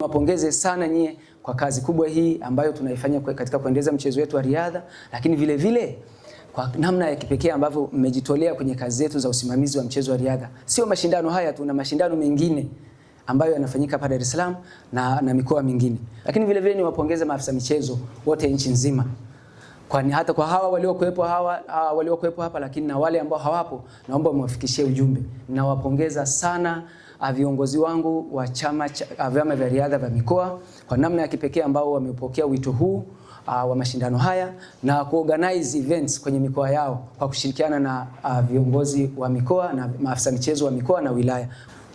Niwapongeze sana nyie kwa kazi kubwa hii ambayo tunaifanya katika kuendeleza mchezo wetu wa riadha, lakini vile vile kwa namna ya kipekee ambavyo mmejitolea kwenye kazi zetu za usimamizi wa mchezo wa riadha. Sio mashindano haya tu, na mashindano mengine ambayo yanafanyika hapa Dar es Salaam na, na mikoa mingine. Lakini vile vile niwapongeze maafisa michezo wote nchi nzima. Kwa ni hata kwa hawa waliokuwepo hawa waliokuwepo hapa, lakini na wale ambao hawapo, naomba mwafikishie ujumbe. Nawapongeza sana. Ah, viongozi wangu wa chama cha ah, vyama vya riadha vya mikoa kwa namna ya kipekee ambao wamepokea wito huu Uh, wa mashindano haya na kuorganize events kwenye mikoa yao kwa kushirikiana na uh, viongozi wa mikoa na maafisa michezo wa mikoa na wilaya.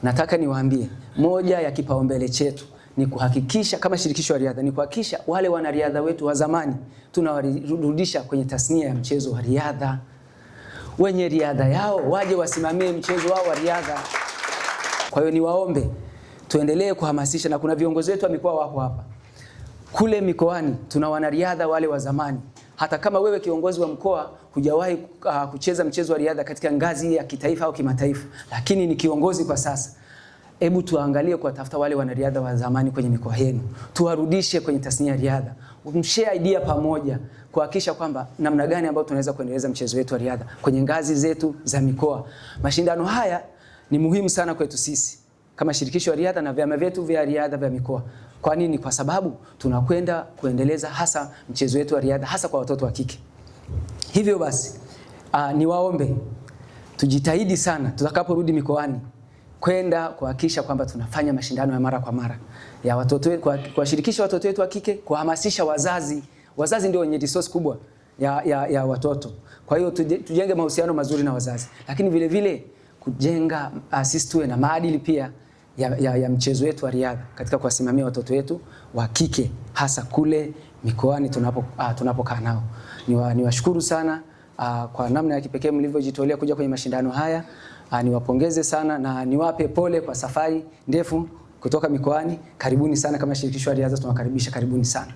Nataka niwaambie moja ya kipaumbele chetu ni kuhakikisha kama shirikisho la riadha ni kuhakikisha wale wanariadha wetu wa zamani tunawarudisha kwenye tasnia ya mchezo wa riadha. Wenye riadha yao waje wasimamie mchezo wao wa riadha. Kwa hiyo niwaombe tuendelee kuhamasisha, na kuna viongozi wetu wa mikoa wako hapa kule mikoani, tuna wanariadha wale wa zamani. Hata kama wewe kiongozi wa mkoa hujawahi uh, kucheza mchezo wa riadha katika ngazi ya kitaifa au kimataifa, lakini ni kiongozi kwa sasa, hebu tuangalie kuwatafuta wale wanariadha wa zamani kwenye mikoa yenu, tuwarudishe kwenye tasnia ya riadha, mshare idea pamoja kuhakikisha kwamba namna gani ambayo tunaweza kuendeleza mchezo wetu wa riadha kwenye ngazi zetu za mikoa. Mashindano haya ni muhimu sana kwetu sisi kama shirikisho la riadha na vyama vyetu vya riadha vya mikoa. Kwa nini? Kwa sababu tunakwenda kuendeleza hasa mchezo wetu wa riadha hasa kwa watoto wa kike. Hivyo basi, aa, ah, niwaombe tujitahidi sana tutakaporudi mikoani kwenda kuhakikisha kwamba tunafanya mashindano ya mara kwa mara ya watoto wetu, kuwashirikisha watoto wetu wa kike, kuhamasisha wazazi. Wazazi ndio wenye resource kubwa ya, ya, ya watoto. Kwa hiyo tujenge mahusiano mazuri na wazazi, lakini vile vile kujenga uh, sisi tuwe na maadili pia ya, ya, ya mchezo wetu wa riadha katika kuwasimamia watoto wetu wa kike hasa kule mikoani ah, tunapokaa uh, tunapo nao. Niwashukuru ni sana uh, kwa namna ya kipekee mlivyojitolea kuja kwenye mashindano haya uh, niwapongeze sana na niwape pole kwa safari ndefu kutoka mikoani. Karibuni sana kama shirikisho la riadha tunawakaribisha, karibuni sana.